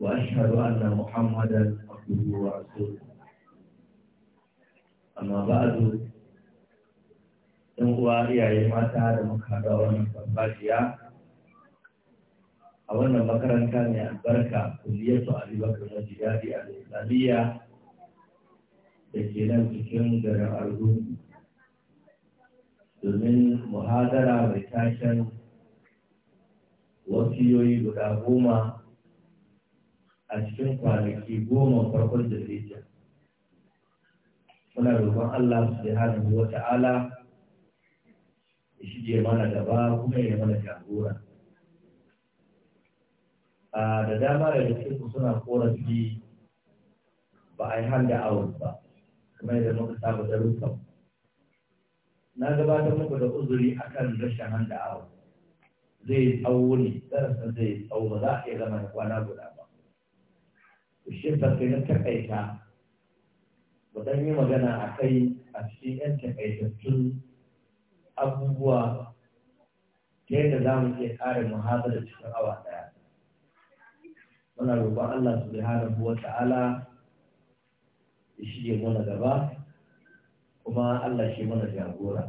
وأشهد أن محمدا عبده ba'a أما بعد ɗan uwa iyaye mata da muka haɗa a wannan makaranta mai albarka kuliyatu abubakar majidadi al-islamiyya da ke nan cikin garin argungu domin muhadara mai tashin wasiyoyi guda goma a cikin kwanaki goma farkon da zai muna roƙon Allah subhanahu wa ta'ala ya shige mana gaba kuma ya mana jagora a da dama da cikin ku suna korafi ba a yi handa awon ba kuma yadda muka saba darussan na gabatar muku da uzuri akan rashin handa awon zai tsawo ne darasin zai tsawo ba za a iya zama kwana guda ba shirka sai na takaita mu dan yi magana a kai a cikin yan takaitattun abubuwa ta yadda za mu iya kare muhazara cikin awa ɗaya muna roƙon Allah hana buwa ta'ala ya shige mana gaba kuma Allah shi mana jagora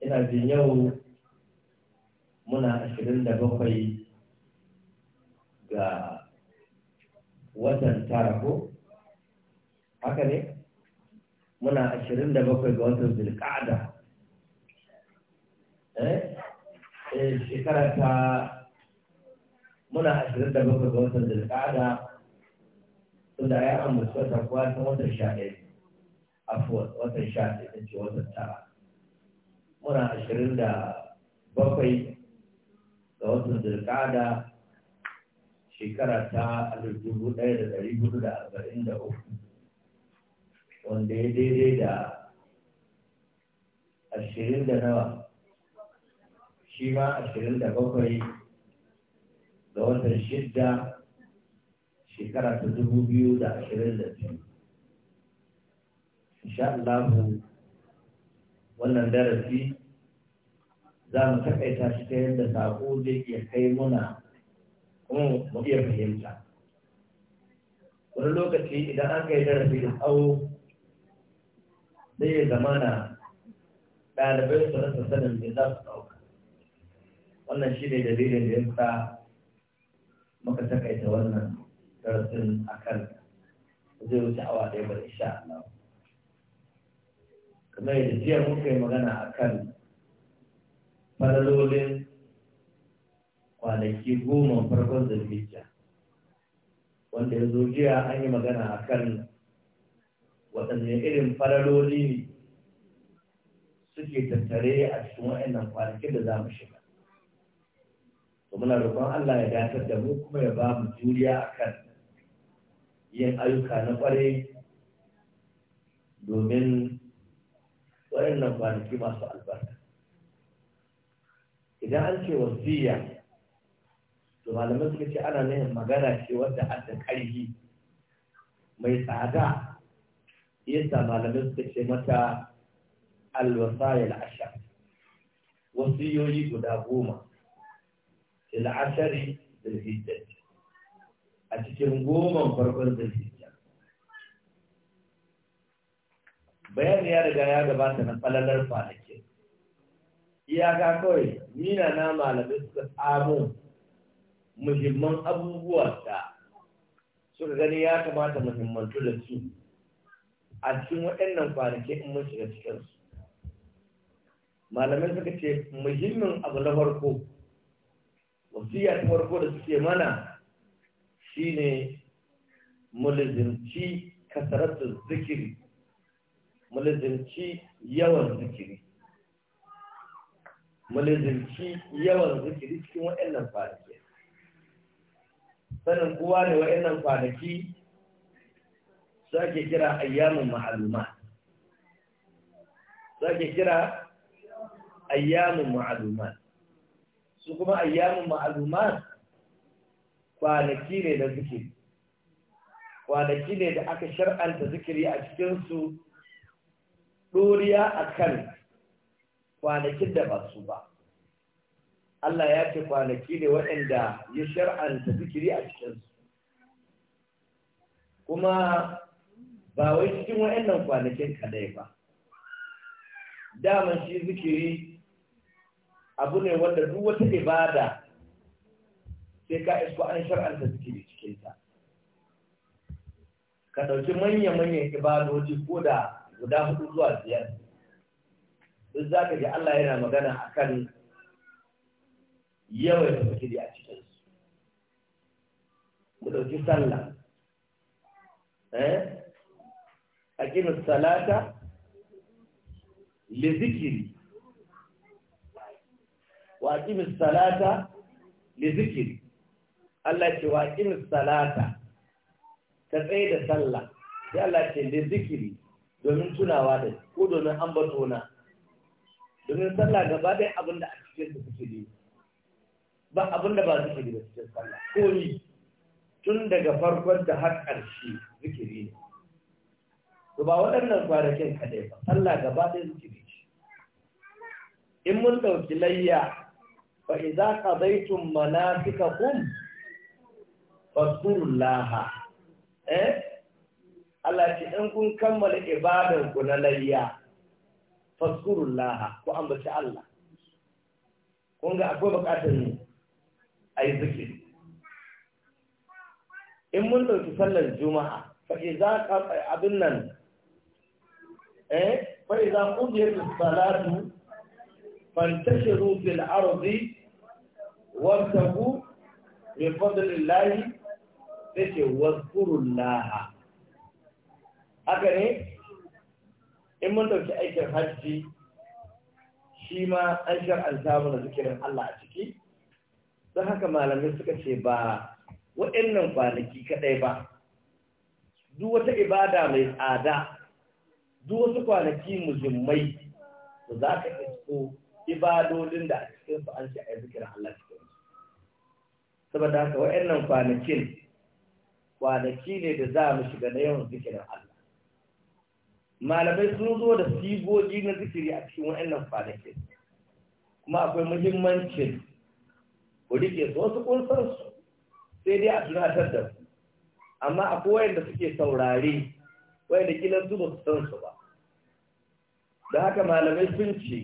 ina jin yau muna ashirin da bakwai ga watan tara ko haka ne muna ashirin da bakwai ga watan zulƙa'ada eh? eh shekara ta muna ashirin da bakwai ga watan zulƙa'ada tunda ya su wata kuwa ta watan sha ɗaya Afuwa, watan sha ɗaya ta ce watan tara muna ashirin da bakwai ga watan zulƙa'ada shekara ta alif ɗaya da ɗari hudu da arba'in da uku wanda ya daidai da ashirin da nawa shi ma ashirin da bakwai ga watan shidda shekara ta dubu biyu da ashirin da biyu insha Allahu wannan darasi za mu takaita shi ta yadda saƙo zai iya kai muna kuma mu iya fahimta wani lokaci idan an kai darasi da tsawo zai zamana ɗalibai su rasa sanin da za su ɗauka wannan shi ne dalilin da ya sa muka takaita wannan darasin a kan zai wuce awa ɗaya ba insha Allah kamar yadda jiya muka yi magana a kan fararorin. kwanaki goma farkon zulhijja wanda ya zo jiya an yi magana a kan waɗanne irin fararoli ne suke tattare a cikin waɗannan kwanaki da za mu shiga to muna roƙon Allah ya datar da mu kuma ya ba mu juriya a kan yin ayyuka na ƙwarai domin waɗannan kwanaki masu albarka idan an ce wasiya to malamai suka ce ana nan magana ce wadda an da ƙarfi mai tsada yasa malamai suka ce mata alwasayil ashar yoyi guda goma il ashari da a cikin goma farkon da hijjar Bayan ya riga ya gabata na falalar kwanakin iyaka kawai nina na malamai suka tsamo muhimman abubuwa da suka gani ya kamata muhimman da su a cikin waɗannan kwanaki in mun shiga cikinsu malamai suka ce muhimmin abu na farko wasiya ta farko da suke mana shine mulzinci kasaratu zikiri mulzinci yawan zikiri mulzinci yawan zikiri cikin waɗannan kwanaki sanin kowa ne wa'annan kwanaki za ake kira ayyamin ma'aluma su kira ayyamin ma'aluma su kuma ayyamin ma'aluma kwanaki ne da zikiri kwanaki ne da aka shar'anta zikiri a cikinsu ɗoriya a kan kwanakin da ba su ba Allah ya ce kwanaki ne waɗanda ya shar'anta zikiri a cikinsu. Kuma ba wai cikin waɗannan kwanakin kadai ba. Daman shi zikiri abu ne wanda duk wata ibada sai ka isko an shar'anta zikiri cikinta. Ka ɗauki manya-manyan ibadoji ko da guda hudu zuwa biyar. Duk za ka ji Allah yana magana akan yawan zikiri a cikin su mu dauki sallah eh aqimu salata li zikri wa aqimu salata li zikri Allah ce wa aqimu salata ka tsaye da sallah sai Allah ce li zikri domin tunawa da ko domin ambatona domin sallah gaba ɗaya abinda a cikin su suke yi ba abin da ba zikiri ba cikin sallah Ko ni tun daga farkon da har ƙarshe zikiri ne to ba waɗannan kwanakin kaɗai ba sallah gaba ɗaya zikiri ce in mun ɗauki layya fa idza qadaytum manasikakum fadhkurullaha eh Allah ce in kun kammala ibadan ku na layya fadhkurullaha ku ambaci Allah kun ga akwai bukatar ne a yi zikiri in mun ɗauki sallar juma'a fa iza ka abin nan eh fa iza je as-salatu fantashiru fil ardi wabtagu min fadlillahi sai ce wazkurullah haka ne in mun ɗauki aikin hajji shi ma an shar'anta mana zikirin Allah a ciki don haka malamai suka ce ba wa'annan kwanaki kaɗai ba duk wata ibada mai tsada duk wasu kwanaki muzimmai da za ka isko ibadodin da a cikin su a yi zikirin Allah cikin su. Saboda haka wa'annan kwanakin kwanaki ne da za mu shiga na yawan zikirin Allah. Malamai sun zo da sigogi na zikiri a cikin wa'annan kwanakin. Kuma akwai muhimmancin ku rike su wasu su sai dai a tunatar da su amma akwai wayanda suke saurari wayanda kila su ba su san su ba da haka malamai sun ce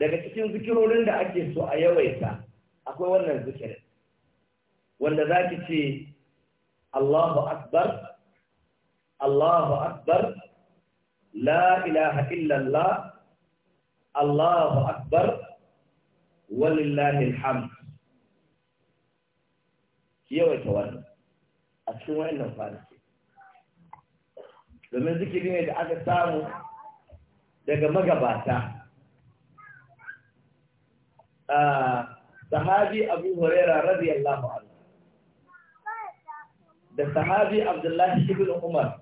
daga cikin zikirorin da ake so a yawaita akwai wannan zikirin wanda za ki ce Allahu Akbar Allahu Akbar la ilaha illallah Allahu Akbar walillahil hamd yawaita wannan a cikin wayannan kwanaki domin zikiri ne da aka samu daga magabata sahabi abu huraira radiyallahu anhu da sahabi abdullahi ibn umar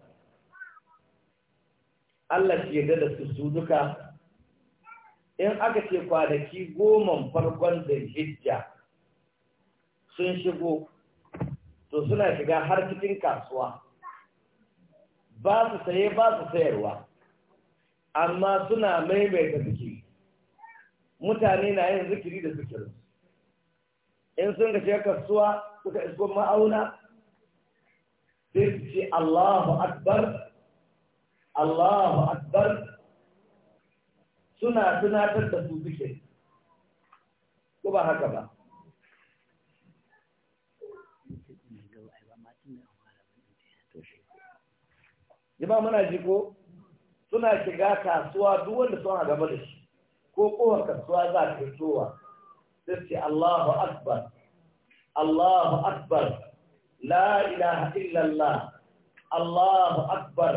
Allah ke da su su duka in aka ce kwanaki goman farkon da hijja sun shigo to suna shiga har cikin kasuwa ba su saye ba su sayarwa amma suna maimaita zikiri mutane na yin zikiri da zikirin in sun ga kasuwa suka isko ma'auna sai su ce Allahu Akbar Allahu Akbar suna tunatar da su zikiri ko ba haka ba jama muna ji ko suna shiga kasuwa duk wanda sun gaba da shi ko kowar kasuwa za ta fitowa sai ce Allahu akbar Allahu akbar la ilaha illallah Allahu akbar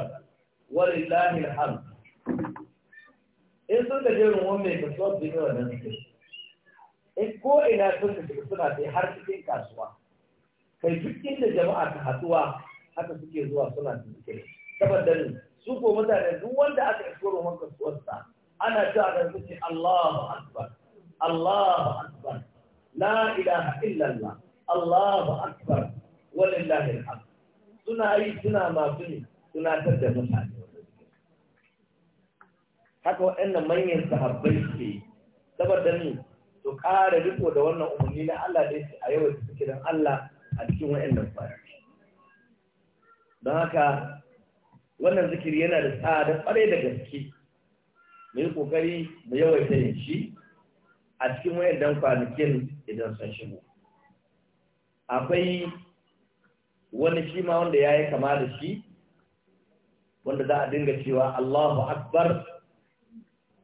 walillahi alhamd in sun da jerin mai kasuwa su yi wannan suke in ko ina sun da shiga suna sai har cikin kasuwa kai duk inda jama'a ta haduwa haka suke zuwa suna cikin saboda ne su ko mutane duk wanda aka koro maka suwarsa ana cewa da su ce Allahu akbar Allahu akbar la ilaha illallah Allahu akbar walillahi alhamd suna yi suna masu ne suna tar da mutane haka waɗannan manyan sahabbai suke yi saboda ni su ƙara riko da wannan umarni na Allah da yake a yau da suke don Allah a cikin waɗannan fara don haka wannan zikiri yana da tsada kwarai da gaske mai yi kokari mu yawaita yin shi a cikin wayan dan kwanakin idan sun shigo akwai wani shi ma wanda ya yi kama da shi wanda za a dinga cewa Allahu Akbar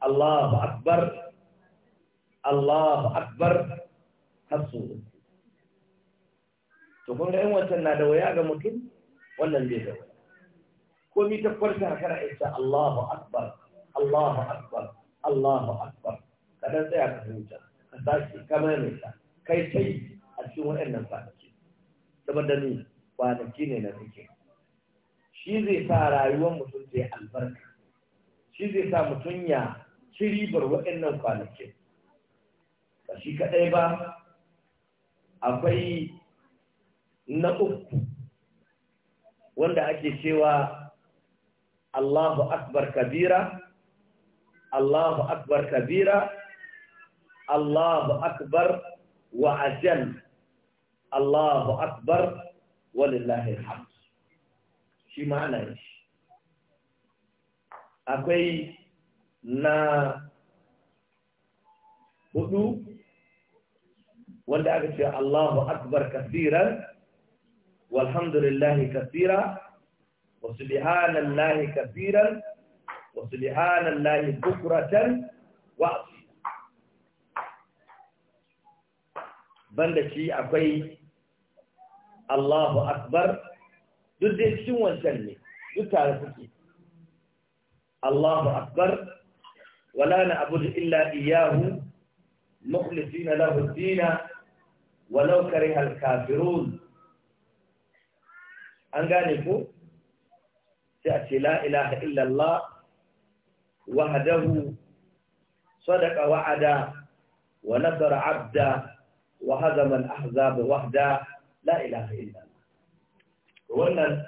Allahu Akbar Allahu Akbar hasu to kun ga yin wancan na da waya ga mutum wannan bai da waya komi ta farka kana ita Allahu akbar Allahu akbar Allahu akbar kada sai tsaya ka huta ka tashi ka mai ta kai sai a cikin waɗannan kwanaki saboda ni kwanaki ne na zikiri shi zai sa rayuwar mutum ta albarka shi zai sa mutum ya ci ribar waɗannan kwanakin ba shi kaɗai ba akwai na uku wanda ake cewa Allahu akbar kabira Allahu akbar kabira Allahu akbar wa ajal Allahu akbar walillahi alhamd shi ma'ana shi akwai na hudu wanda aka ce Allahu akbar kasiran walhamdulillahi kasira wa subhanallahi kabiran wa subhanallahi bukratan wa banda shi akwai Allahu akbar duk dai cikin wancan ne duk tare Allahu akbar ولا نعبد إلا إياه مخلصين له الدين ولو كره الكافرون ku. sai a ce la ilaha illallah wahdahu sadaqa wa'ada wa nasara 'abda wa hazama al-ahzab wahda la ilaha illallah wannan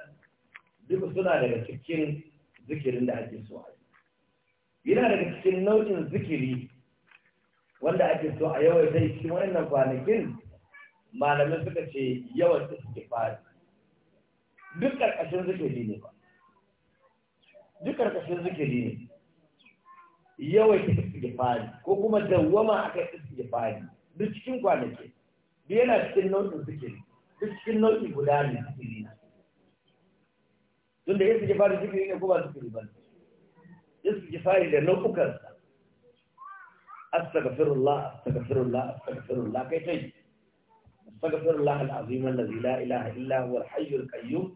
duk suna daga cikin zikirin da ake so a yi yana daga cikin nau'in zikiri wanda ake so a yawaita cikin wannan kwanakin malamai suka ce yawan istighfar duk ƙarƙashin zikiri ne ba duk karkashin zikiri ne yawaita istighfari ko kuma dawwama akan istighfari duk cikin kwanaki duk yana cikin nau'in zikiri duk cikin nau'in guda ne zikiri na tunda istighfari zikiri ne zikiri ba istighfari da nau'ukan sa astaghfirullah astaghfirullah astaghfirullah kai kai astaghfirullah al-azim alladhi la ilaha illa huwa al-hayy al-qayyum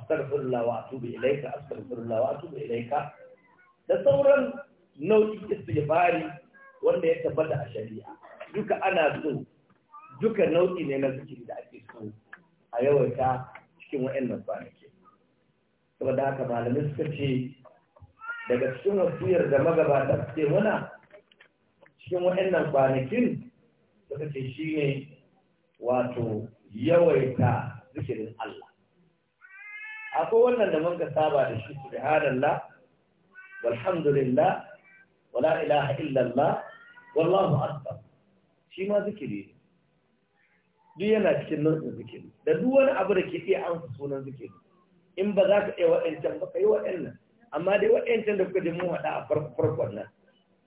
astaghfirullah wa atubu ilaika astaghfirullah wa atubu ilaika da sauran nau'in istighfari wanda ya tabbata a shari'a duka ana so duka nau'i ne na zikiri da ake so a yawaita cikin wa'annan kwanaki saboda haka malamai suka ce daga cikin wasiyar da magabata suke muna cikin wa'annan kwanakin suka ce shine wato yawaita zikirin Allah akwai wannan da mun ka saba da shi subhanallah walhamdulillah wala ilaha illallah wallahu akbar shi ma zikiri duk yana cikin nau'in zikiri da duk wani abu da ke iya amsa sunan zikiri in ba za ka iya waɗancan ba ka yi waɗannan amma dai waɗancan da kuka ji mun haɗa a farko farkon nan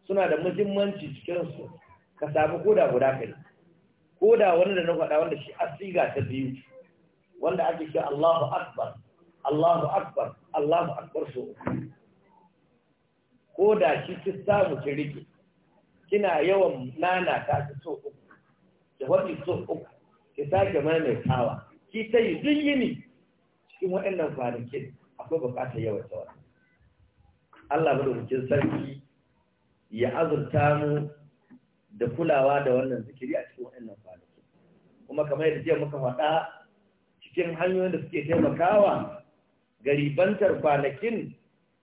suna da muhimmanci cikin su ka samu koda guda kai koda wani da na faɗa wanda shi asiga ta biyu wanda ake shi Allahu Akbar Allahu Akbar Allahu Akbar so ko da shi ki samu ki rike kina yawan nana ta so uku da wani so uku ki sake kawa, ki ta yi ni, cikin waɗannan kwanakin akwai bukatar yawan tsawa. Allah madaukakin sarki ya azurta mu da kulawa da wannan zikiri a cikin waɗannan ke, kuma kamar yadda jiya muka faɗa cikin hanyoyin da suke taimakawa garibantar kwanakin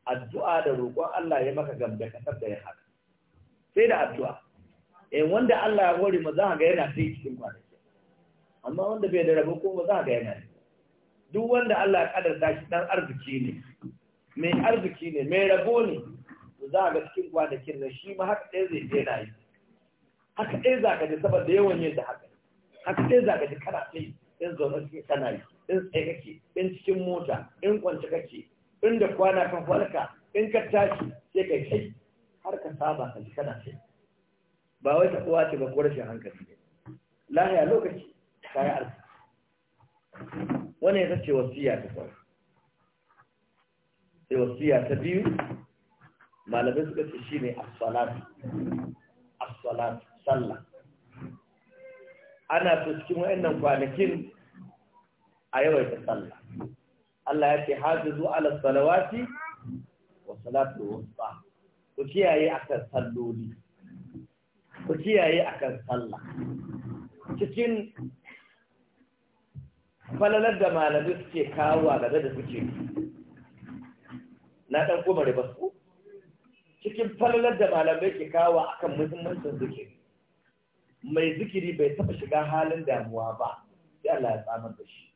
addu'a da roƙon Allah ya maka gamda kasar da ya haka sai da addu'a ‘yan eh, wanda Allah ya hori ma za ga yana sai cikin kwanakin, amma wanda bai da rabo ko ma za ga yana duk wanda Allah ya ta shi ɗan arziki ne mai arziki ne mai rabo ne to za ga cikin kwanakin na shi ma haka ɗaya zai je na yi haka ɗaya za ka ji saboda yawan yin da haka haka ɗaya za ka ji kana ɗaya, yanzu wani kana yi in tsaye kake in cikin mota in kwance kake in da kwana kan falka, in ka tashi sai kai kai har ka saba ka ji kana sai ba wai ta kowa ce ba ko rashin hankali ne lahiya lokaci ta yi arziki wani ya zace wasiya ta kwan sai wasiya ta biyu malamai suka ce shi ne as asfalatu sallah ana so cikin wa'annan kwanakin a yawaita sallah Allah ya ce hafizu ala salawati wa salatu wusta ku kiyaye akan salloli ku kiyaye akan sallah cikin falalar da malami suke kawo a gaba da suke na ɗan kuma da su cikin falalar da malamai ke kawo akan muhimmancin zikiri mai zikiri bai taɓa shiga halin damuwa ba sai Allah ya tsamar da shi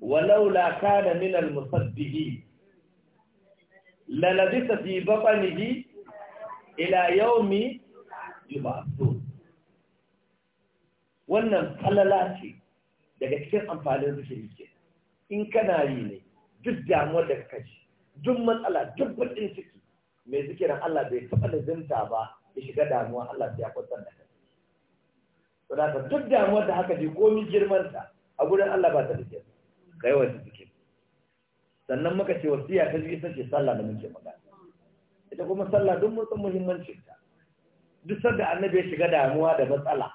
ولولا كان من المصدقين للبث في بطنه إلى يوم يبعثون wannan falala ce daga cikin amfanin rufin ke in kana yi ne duk damuwar da ka duk matsala duk bakin ciki mai zikirin Allah bai taɓa zanta ba ya shiga damuwa Allah sai ya kwantar da kai to da duk damuwar da haka ji komi ta, a gurin Allah ba ta kai wasu suke sannan muka ce wasiya ta biyu ce sallah da muke magana ita kuma sallah duk mun san muhimmancin ta duk sanda annabi ya shiga damuwa da matsala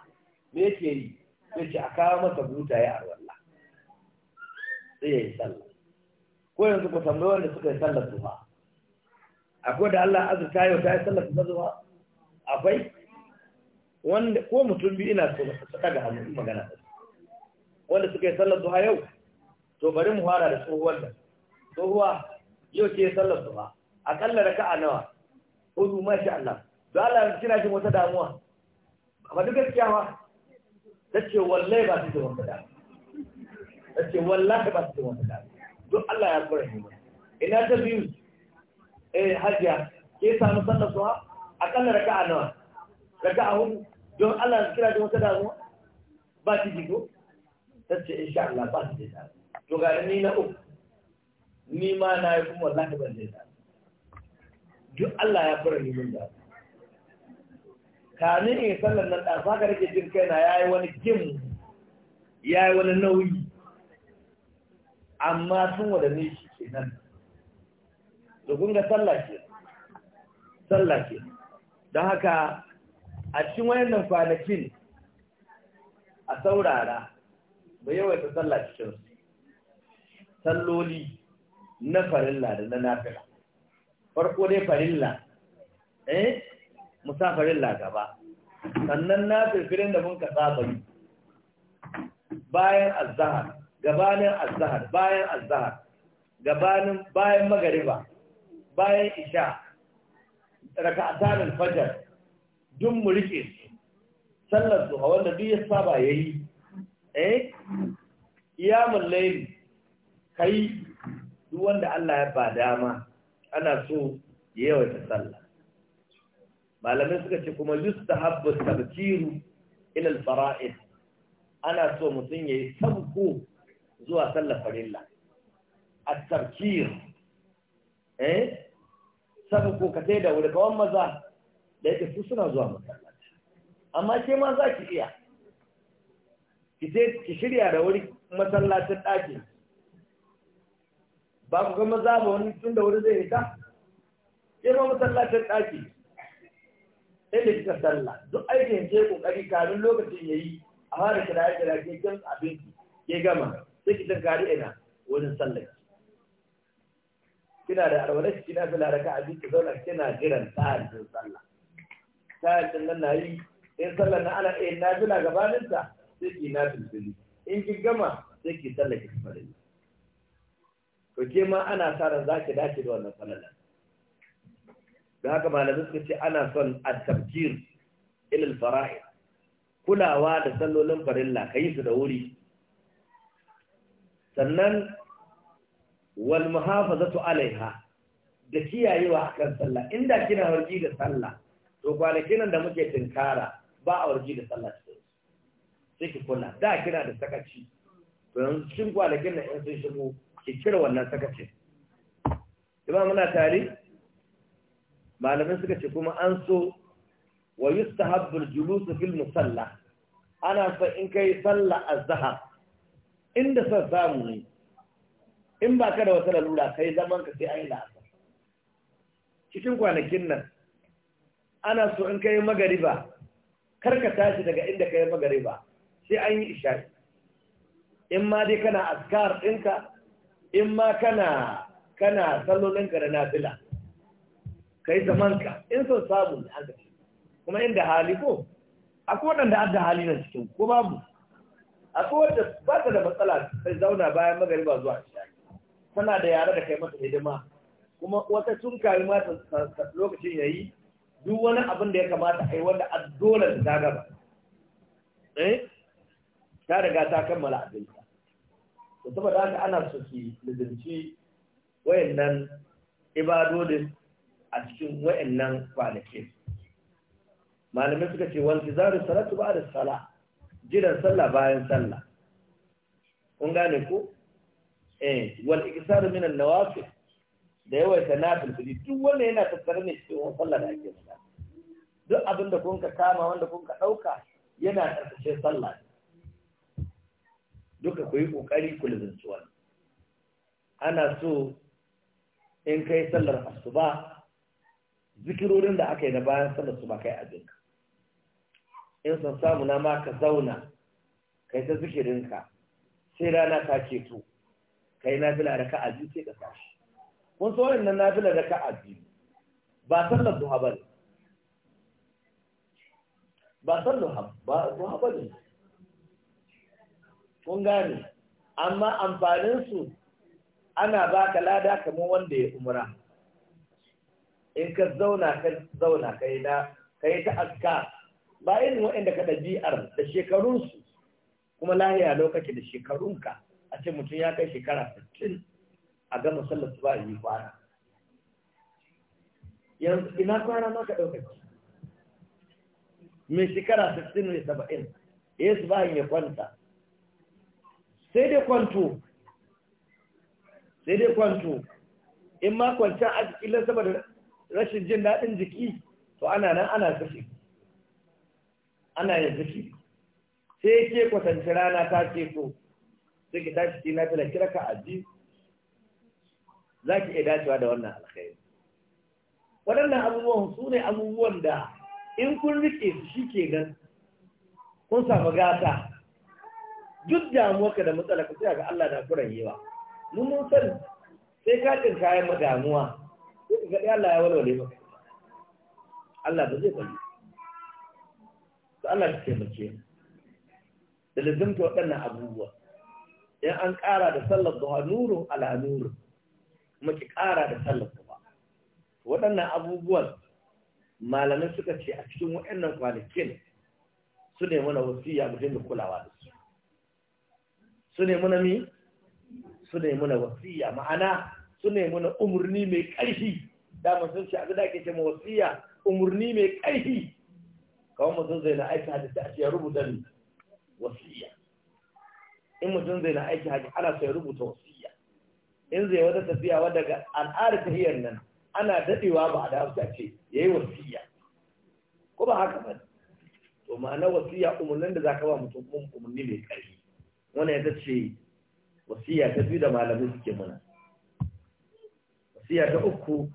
me yake yi sai ce a kawo masa buta ya arwalla sai ya yi sallah ko yanzu ku tambayi wanda suka yi sallar zuwa akwai da Allah azurta yau ta yi sallar ta zuwa akwai wanda ko mutum biyu ina so su daga hannu magana wanda suka yi sallar zuwa yau to bari mu fara da tsohuwar nan tsohuwa yau ce sallar su ba da ka'a nawa hudu mashi Allah to Allah ya kira shi wata damuwa amma duk gaskiya ma ce wallahi ba su da wata damuwa tace wallahi ba su da wata damuwa duk Allah ya kore ni ina ta biyu eh hajiya ke samu sallar su ha da ka'a nawa ka'a hudu don Allah kira shi wata damuwa ba su jiko tace insha Allah ba su da damuwa to ga ni na uku ni ma na yi kuma wallahi ban zai duk Allah ya fara neman da kani in sallar nan da saka rike jin kaina yayi wani gim yayi wani nauyi amma sun ne shi kenan to kun ga sallah ke sallah ke don haka a cikin wayannan kwanakin a saurara bai yawaita sallah cikin su salloli na farilla da na nafila farko dai farilla eh musa farilla gaba sannan na firfirin da mun ka saba bayan azhar gabanin azhar bayan azhar gabanin bayan magariba bayan isha raka'atan al-fajr duk mu rike su sallar duha wanda duk ya saba yayi eh iyamul layl kai duk wanda Allah ya ba dama ana so ya yawaita sallah malamai suka ce kuma yustahabbu tabkiru ila al-fara'id ana so mutum yayi sabko zuwa Sallah, farilla at-tabkir eh sabko ka da wuri kawan maza da yake su suna zuwa masallaci amma ke ma za ki iya ki shirya da wuri masallacin ɗakin ba ku ga maza ba wani tun da wuri zai yi ta ke ma masallacin ɗaki sai da kika sallah duk aikin ke kokari kamin lokacin ya yi a fara kira kira ke kan abinci ke gama sai ki kari ina wajen sallah kina da shi kina da laraka abinci zauna kina jiran tsarin sallah tsarin nan na yi in sallar na ana ɗaya na fila gabaninta sai ki na filfili in ki gama sai ki sallar ki farilla to ke ma ana sa ran zaki ki dace da wannan falala da haka malamin suka ce ana son at-tabjir ilil fara'id kulawa da sallolin farilla kai su da wuri sannan wal muhafazatu alaiha da kiyayewa akan sallah inda kina warji da sallah to kwanakin da muke tinkara ba a warji da sallah sai ki kula da kina da sakaci to yanzu cikin kwanakin da in sun shigo ki cire wannan sakacin Ima muna tare malamin suka ce kuma an so wa yustahabbul julus fil musalla ana fa in kai sallah zahar. inda son samu ne in ba ka da wata lalura kai zaman ka sai ayi la'asar cikin kwanakin nan ana so in kai magariba kar ka tashi daga inda kai magariba sai an yi isha'i in ma dai kana askar ɗinka in ma kana kana sallolinka da nafila kai zamanka in son samu ne an kuma inda hali ko akwai waɗanda an hali na cikin ko babu akwai wadda ba ta da matsala sai zauna bayan magariba zuwa shari tana da yare da kai masa hidima kuma wata sun kari mata lokacin yayi duk wani abin da ya kamata a yi wanda a dole da ta gaba eh ta riga ta kammala abinta to saboda haka ana so ki lizinci wayannan ibadodin a cikin wayannan kwanaki malamai suka ce wal tizaru salatu ba'da sala jiran sallah bayan sallah kun gane ko eh wal iksaru min an nawafil da yawaita nafil duk wanda yana tattare ne cikin wani sallah da ake sallah duk abin da kun ka kama wanda kun ka dauka yana karkashin sallah ne duka ku yi ƙoƙari ku lizantuwa ana so in kai sallar asuba zikirorin da aka yi na bayan sallar su ba kai abinka in san samu na ma ka zauna kai ta zikirinka sai rana ta ceto kai na fila da ka'aji sai ka tashi kun so nan na fila da ka'aji ba sallar duha ba ba sallar duha ba ne kun gane amma amfaninsu ana baka lada kamar wanda ya umra in ka zauna ka zauna ka yi ta aska ba irin waɗanda ka ɗabi'ar da shekarunsu kuma lahiya lokaci da shekarunka a ce mutum ya kai shekara 60 a ga musallar su ba yi kwana yanzu ina kwana ma ka ɗaukaki mai shekara 60 ne 70 yesu bayan ya kwanta sai dai kwanto sai dai kwanto in ma kwanciyar arziki saboda rashin jin daɗin jiki to ana nan ana zafi ana yin zafi sai ke kwatanci rana ta ce to sai ki tashi ki na tana kira ka aji za ki iya dacewa da wannan alkhairi waɗannan abubuwan su ne abubuwan da in kun rike su shi ke nan kun samu gata duk damuwarka da matsala ka tsaya ga Allah na furan yewa mun mun san sai ka tin kayan ma damuwa sai ka ga Allah ya walwale maka Allah ba zai bari to Allah ke taimake mu da lazimta waɗannan abubuwa Idan an ƙara da sallar duha nurun ala nurun kuma ki ƙara da sallar duha waɗannan abubuwan malamai suka ce a cikin waɗannan kwanakin su ne mana wasiya mu dinga kulawa da su su ne muna mi su ne muna wasiya ma'ana su ne muna umarni mai ƙarfi Da sun ce abin da ake ce ma wasiya umarni mai ƙarfi kawai mutum zai na aiki hadisi a ya rubuta ni wasiya in mutum zai na aiki hadisi ana sai rubuta wasiya in zai wata tafiya wadda ga al'adar hiyar nan ana daɗewa ba a da hausa ce ya yi wasiya ko ba haka ba to ma'ana wasiya umarnin da za ka ba mutum umarni mai ƙarfi wannan ita ce wasiya ta biyu da malamai suke muna wasiya ta uku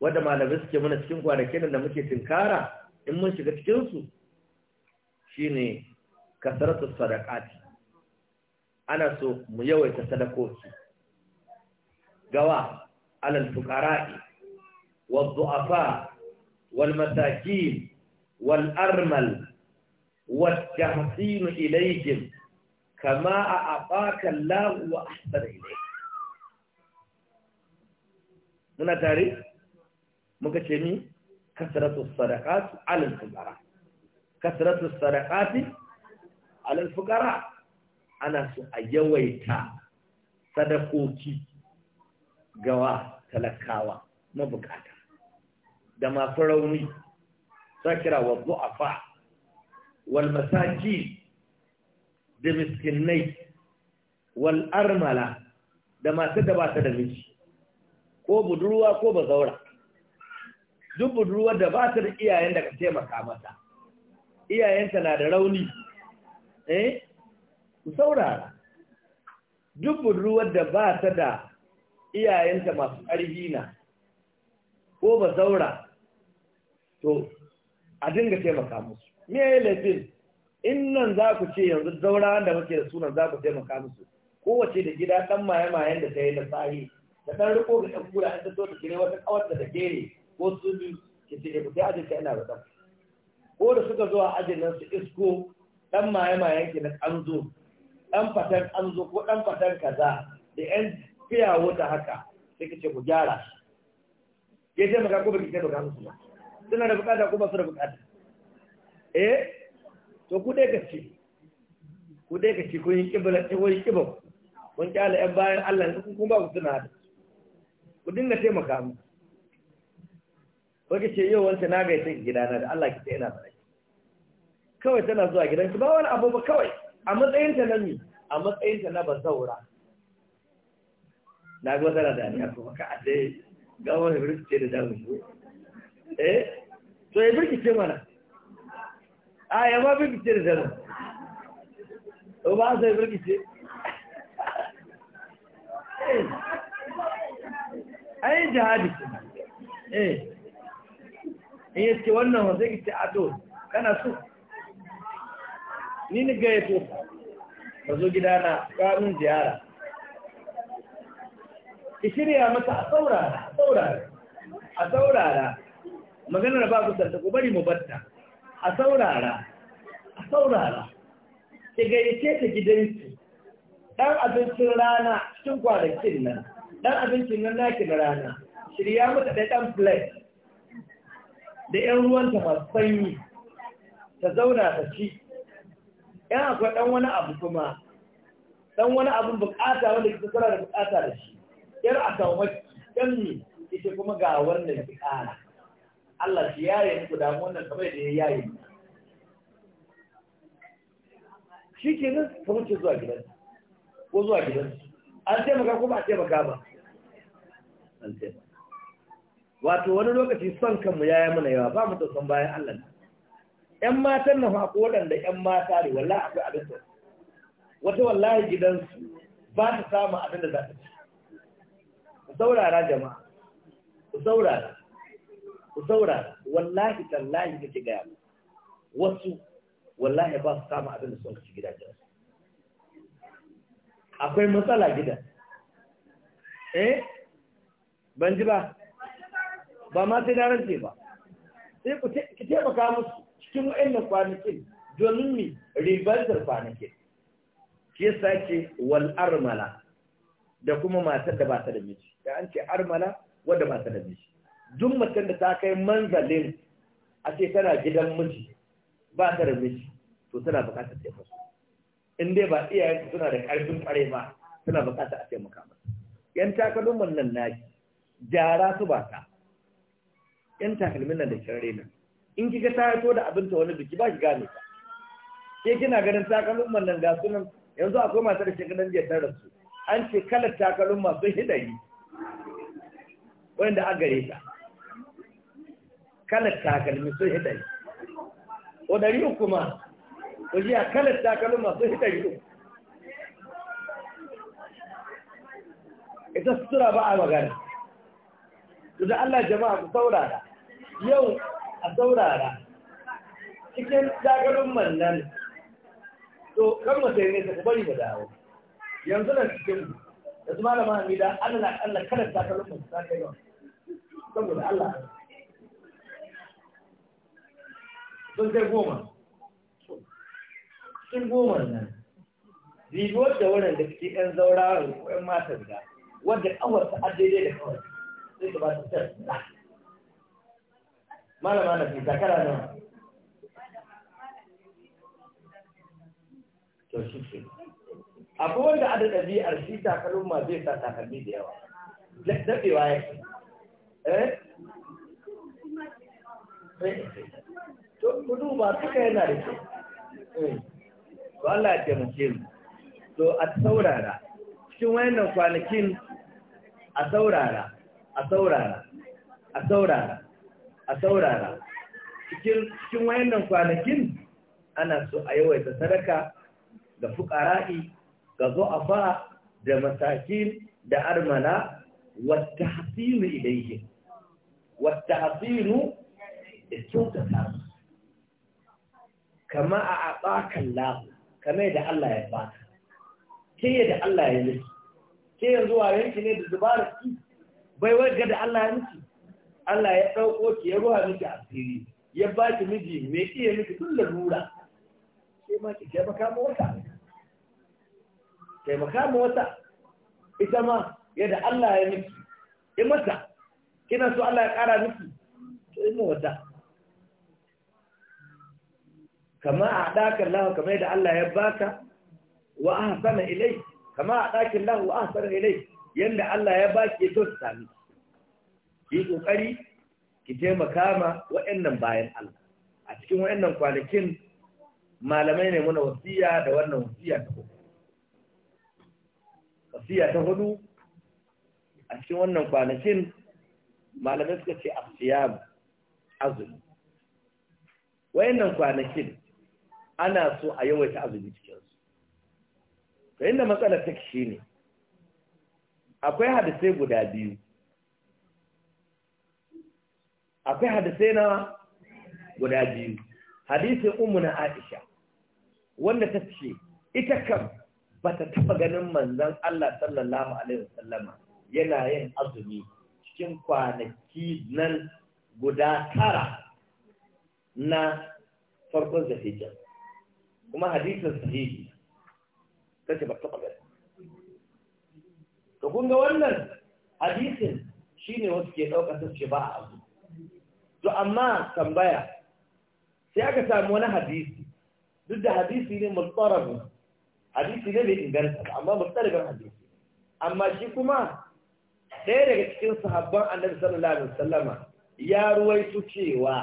wadda malamai suke muna cikin kwanakin da muke tinkara in mun shiga cikinsu shine kasaratu sadakati ana so mu yawaita sadakoki gawa alal fuqara'i wal du'afa wal masakin wal armal wat tahsin ilayhim kama a abaka Allah wa ahsana ilayk muna tare muka ce ni kasratu sadaqat ala al-fuqara kasratu sadaqati ala al-fuqara ana so a yawaita sadakoki gawa talakawa mabukata da masu rauni sa kira wa du'afa wal masakin da miskinai wal armala da masu da ba ta da miji ko budurwa ko bazaura duk budurwar da ba ta da iyayen da ka taimaka mata iyayenta na da rauni eh ku saurara duk budurwar da ba ta da iyayenta masu ƙarfi na ko bazaura to a dinga taimaka musu me ya yi laifin in nan za ku ce yanzu zaura da muke da sunan za ku taimaka musu kowace da gida ɗan maye-mayen da ta yi da sahi da ɗan riko ga ɗan kura in ta so ta kire wata kawar da gere ko su bi ke ce eh, ku sai ajin ka ina da ko da suka zuwa ajin nan su isko ɗan maye-mayen ki na ƙanzo ɗan fatan ƙanzo ko ɗan fatan kaza da ƴan fiya wata haka sai ka ce ku gyara shi ke taimaka ko ba ki taimaka musu ba suna da buƙata ko ba su da buƙata eh to ku dai gaci ku dai gaci kun yi kibla ta wani kibla kun kyala yan bayan Allah ne kun ba ku suna da ku dinga taimaka mu wani ce yau wancan na gida gidana da Allah ki tsaye yana da kawai tana zuwa gidan ki ba wani abu ba kawai a matsayin ta na mi a matsayin ta na ba zaura na ga tana da ni kuma ka a dai ga wani birkice da damu eh to ya ce mana a yamma birkice da zanen o ba sai birkice a yin jihadi eh in yace wannan wasu ki a ato kana so ni ni ga yato ka zo gidana ƙarin ziyara ki shirya mata a saurara a saurara a saurara maganar ba ku santa ku bari mu batta a saurara a saurara ki gaice ta gidansu. ɗan abincin rana cikin kwanakin nan ɗan abincin nan nakin na rana shirya mata ɗaya ɗan plate da ‘yan ruwan masu sanyi ta zauna ta ci ‘yan akwai ɗan wani abu kuma ɗan wani abin bukata wanda kita tsara da bukata da shi ‘yar a kan wakil ɗan ne ita kuma ga wannan bukata Allah shi yaye muku da wannan kamar da ya yaye ni. shi ke nan ka wuce zuwa gidan ko zuwa gidan an taimaka ko ba a taimaka ba an taimaka wato wani lokaci son kanmu yaya mana yawa ba mu son bayan Allah ne ƴan matan na haƙo waɗanda ƴan mata ne wallahi akwai abin da wata wallahi gidansu ba ta samu abin da za ta ci ku saurara jama'a ku saurara ku saura wallahi tallahi kake gaya mu wasu wallahi ba su samu abin da suka ci gidajen akwai matsala gidan eh ban ji ba ba ma sai daren ce ba sai ku taimaka musu cikin wa'annan kwanakin domin mi ribantar kwanakin ke yasa ce wal armala da kuma matar da ba ta da miji da an ce armala wanda ba ta da miji duk mutum da ta kai manzalin a ce tana gidan miji ba ta da miji to tana bukatar taimako in dai ba iyayen suna da karfin kware ba suna bukatar a taimaka ba yan takalmin nan naki jara su ba ta yan takalmin nan da kirare nan in kika ta haito da abin ta wani biki ba ki gane ta ke kina ganin takalmin nan ga sunan yanzu akwai masu da shekaran jiya tare su an ce kalar takalmin masu hidari wanda an gare ta kalar takalmi sun hidari o dari uku ma ku ji a kalar takalmi sun hidari uku ita sutura ba a magana su da Allah jama'a ku saurara yau a saurara cikin takalmi mannan to kan mutum ne ta bari mu dawo yanzu nan cikin da su da hamida Allah na kalla kalar takalin masu takalin saboda Allah sun kai goma sun goma nan ribi da wannan da suke yan zaura ko yan mata da wadda kawar ta daidai da kawar sai su ba su tsar malama na fi zakara nan to shi ke akwai wanda ada ɗabi'ar shi ma zai sa takalmi da yawa daɗewa ya eh to ku ba suka yana da kyau eh, to Allah ya taimake mu to a saurara cikin wayannan kwanakin a saurara a saurara a saurara a saurara cikin cikin wayannan kwanakin ana so a yawaita sadaka ga fuqara'i ga zu'afa da masakin da armana wata hasinu ilaihin wata hasinu da kyautata su kama a abakan lahu kama da Allah ya baka ke da Allah ya miki ke yanzu yanki ne da dubara ki bai wai da Allah ya miki Allah ya dauko ki ya ruwa miki asiri ya ki miji me iya miki tun rura sai ma ki taimaka ma wata taimaka ma wata ita ma yadda Allah ya miki ya mata kina so Allah ya kara miki to ina wata kama a ɗakin lahu kamar da Allah ya baka wa ahsana ilai kama a ɗakin lahu wa ahsana ilai yanda Allah ya baki ya so sami ki kokari ki taimaka ma waɗannan bayan Allah a cikin waɗannan kwanakin malamai ne muna wasiya da wannan wasiya ta hudu wasiya ta hudu a cikin wannan kwanakin malamai suka ce a siyam azumi wayannan kwanakin ana so a yawaita azumi cikinsu da inda matsalar take shi ne akwai hadisai guda biyu akwai hadisai na guda biyu umu na aisha wanda ta ce ita kam ba ta taɓa ganin manzan Allah sallallahu Alaihi wasallama yana yin azumi cikin kwanaki nan guda tara na farkon zafijar kuma hadisin sahihi kace ba taba gani to kun ga wannan hadisin shine wasu ke daukar su ce ba a abu to amma tambaya sai aka samu wani hadisi duk da hadisi ne mutarabin hadisi ne bai inganta ba amma mutarabin hadisi amma shi kuma ɗaya daga cikin sahabban annabi sallallahu alaihi wasallama ya ruwaito cewa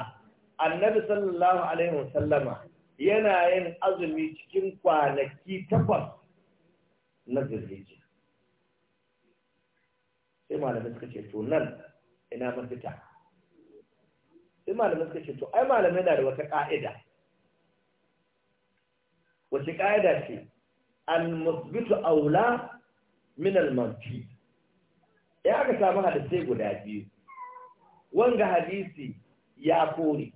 annabi sallallahu alaihi wasallama yana yin azumi cikin kwanaki takwas na zirgiji sai malamai suka ce to nan ina mafita sai malamai suka ce to ai malamai na da wata ƙa'ida wace ƙa'ida ce An musbitu aula min almanfi ya aka samu hadisai guda biyu wanga hadisi ya kori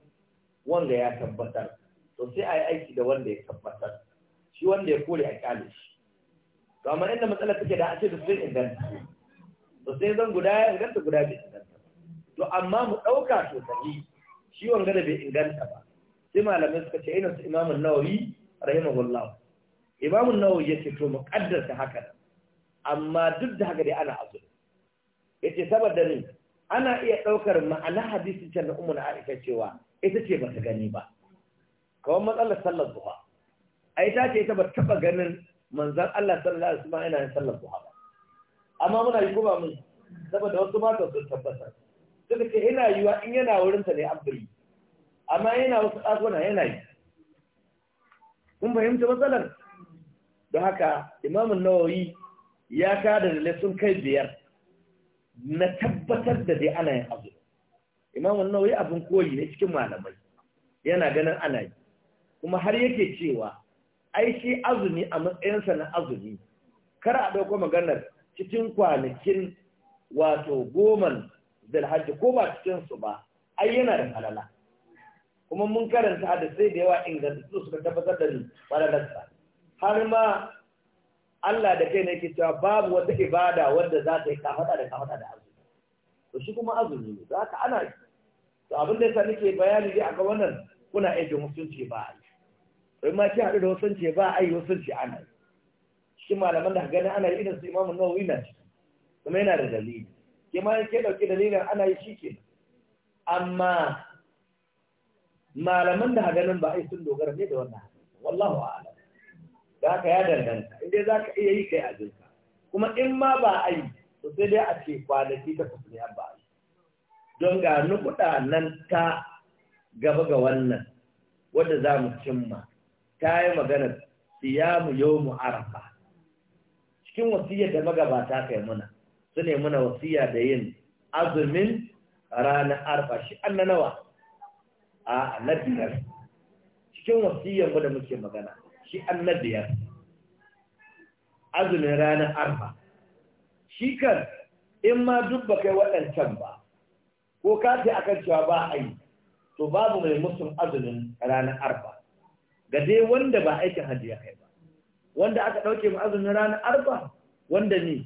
wanga ya tabbatar to sai a yi aiki da wanda ya tabbatar shi wanda ya kore a kyale shi to amma inda matsalar take da a ce da sun inganta to sai zan guda ya inganta guda bai inganta to amma mu ɗauka to sahi shi wanga da bai inganta ba sai malamai suka ce ina su imamun nawawi rahimahullah imamun nawawi ya ce to mu kaddasa haka amma duk da haka dai ana azumi yace saboda ni ana iya ɗaukar ma'ana hadisi can da umar aisha cewa ita ce ba ta gani ba kawai matsalar sallar duha a yi ce ta ba taɓa ganin manzan Allah sallallahu alaihi wasallam yana yin sallar duha ba amma muna yi kuma mun saboda wasu mata sun tabbatar suka ce yi yiwa in yana wurinta ne abdul amma yana wasu ɗakuna yana yi kun fahimta matsalar don haka imamun nawawi ya kada da sun kai biyar na tabbatar da dai ana yin abu imamun nawawi abin koyi ne cikin malamai yana ganin ana yi kuma har yake cewa ai shi azumi a matsayinsa na azumi kar a ɗauko maganar cikin kwanakin wato goman zalhajji ko ba cikin su ba ai yana da falala kuma mun karanta da sai da yawa ingantattu suka tabbatar da falalarsa har ma Allah da kai ne yake cewa babu wata ibada wadda za ta yi kafada da kafada da azumi to shi kuma azumi ne za ka ana to abin da yasa nake bayani dai a wannan kuna aikin mutunci ba a in ma shi haɗu da wasan ce ba a yi wasan ce ana yi shi malaman da gani ana yi irin su imamu nawawi na ci kuma yana da dalili ke ma yake ɗauki dalilin ana yi shi ke amma malaman da ganin ba a yi sun dogara ne da wannan wallahu a'ala da haka ya danganta inda za ka iya yi kai a jinka kuma in ma ba a yi to sai dai a ce kwanaki ta kusa ne ba a yi don ga nukuɗa nan ta gaba ga wannan wadda za mu cimma ta yi magana siyamu mu arafa cikin wasiyar da magabata kai muna su ne muna wasiya da yin azumin ranar arafa shi an nawa a na cikin wasiyar mu da muke magana shi an na azumin ranar arafa shi kan in ma dubba kai waɗancan ba ko kafi akan cewa ba a yi to babu mai musun azumin ranar arafa ga dai wanda ba aikin hajji ya kai ba wanda aka ɗauke mu azumin ranar arba wanda ne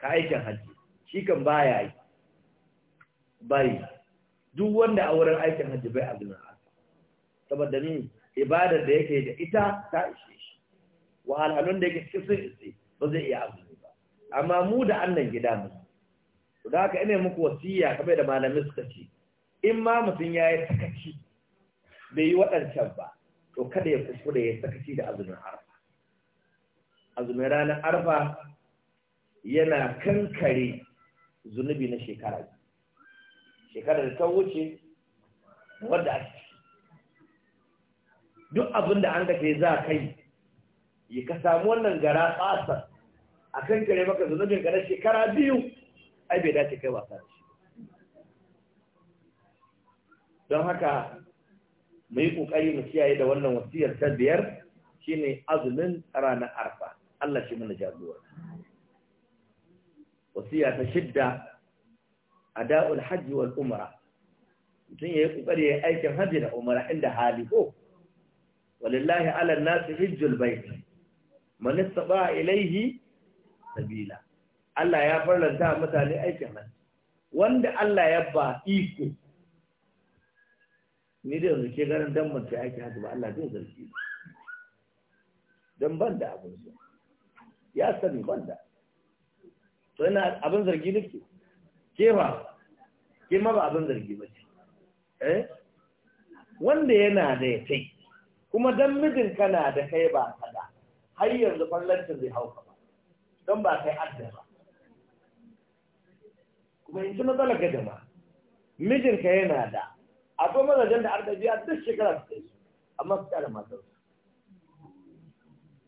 ka aikin hajji shi kan baya yi bai duk wanda a wurin aikin hajji bai azumin arba saboda ni ibadar da yake da ita ta ishe shi wahalhalun da yake cikin sun ba zai iya azumi ba amma mu da annan gida mu to da haka ina muku wasiya kamar da malamin suka ce in ma mutum ya yi sakaci bai yi waɗancan ba to kada ya kuskure ya sakaci da azumin arfa azumin ranar arfa yana kankare zunubi na shekara shekara da ta wuce wadda a ciki duk abin da an kai za kai yi ka samu wannan gara tsasa a kankare maka zunubin ka na shekara biyu ai bai dace kai wasa da shi don haka mu yi ƙoƙari mu kiyaye da wannan wasiyar ta biyar shine azumin ranar arfa Allah shi mana jagora wasiya ta shidda da'ul hajji wal umara, mutum ya yi ƙoƙari ya yi aikin hajji da umara inda hali ko walillahi ala nasi hijjul bait man istata ilayhi sabila Allah ya farlanta mutane aikin hajji wanda Allah ya ba iko ni da yanzu ke ganin dan mace aiki haka ba Allah zai zargi dan ban da abin su ya sani ban da to ina abin zargi nake ke ba ke ma ba abin zargi ba ce eh wanda yana da ya kai kuma dan mijin kana da kai ba kada har yanzu fallancin zai hauka ba don ba kai adda ba kuma in ci matsalar ga jama'a mijinka yana da akwai mazajen da arda biya duk shekara su kai amma su kyara matar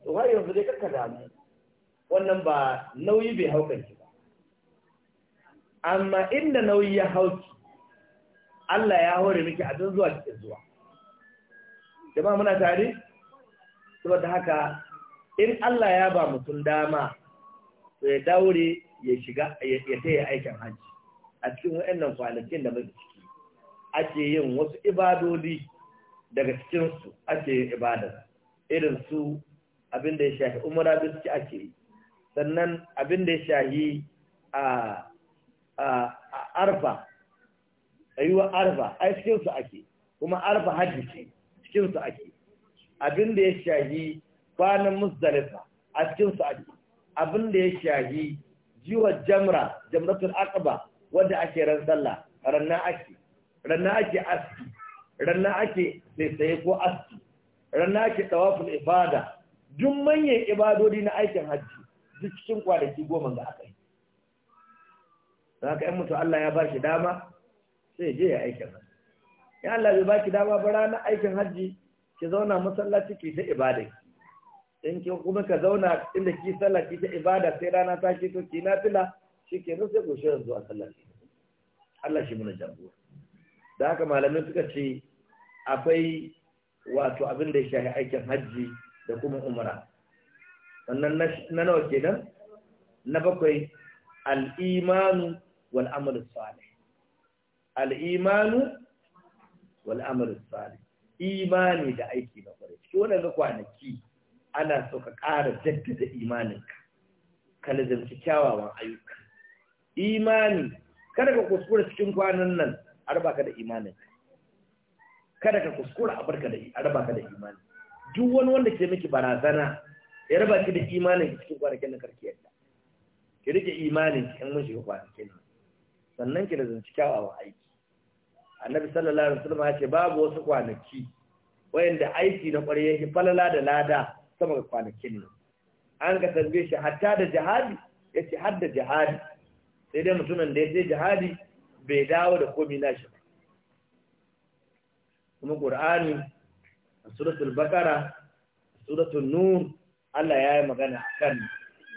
su har yanzu dai kakka damu wannan ba nauyi bai haukan ba amma inda nauyi ya hauki Allah ya hore miki abin zuwa cikin zuwa jama'a muna tare saboda haka in Allah ya ba mutum dama to ya daure ya shiga ya taya aikin hajji a cikin waɗannan kwanakin da muke ake yin wasu ibadodi daga cikinsu ake yin ibadar irin su abin da ya shafi umara biski ake yi sannan abin da ya shafi a arfa tsayuwar arfa ai cikinsu ake kuma arfa hajji ce cikinsu ake abin da ya shafi kwanan musdalifa a cikinsu ake abin da ya shafi jiwa jamra jamratul aqaba wanda ake ran sallah ranna ake ranna ake aski ranna ake tsaye ko aski ranna ake tawaful ibada, duk manyan ibadodi na aikin hajji duk cikin kwanaki goma ga aka yi za ka yi mutu Allah ya ba shi dama sai je ya aikin hajji ya Allah bai ba ki dama ba ranar aikin hajji ki zauna masallaci ki ta ibada in ki kuma ka zauna inda ki sallah ki ta ibada sai rana ta ki to ki fila, shi ke sai goshe zuwa sallah Allah shi muna jagora da haka malamai suka ce akwai wato abin da ya shafi aikin hajji da kuma umra wannan na nawa kenan na bakwai al'imanu wal amalu al'imanu wal amalu imani da aiki na kwarai cikin ga kwanaki ana so ka ƙara jaddada imaninka ka lazimci kyawawan ayyuka imani kada ka kuskura cikin kwanan nan a ka da imanin kada ka kuskura a barka da a ka da imanin duk wani wanda ke miki barazana ya raba ki da imanin cikin kwanakin nan karki yadda ki rike imanin ki in mun shiga kwanakin nan sannan ki da zanci kyawawan aiki annabi sallallahu alaihi wasallam ya ce babu wasu kwanaki wayanda aiki na kwarai yake falala da lada sama ga kwanakin nan an ka tambaye shi hatta da jihadi ya ce har da jihadi sai dai mutumin da ya je jihadi bai dawo da komi shi ba kuma qur'ani suratul bakara suratul nur Allah ya yi magana akan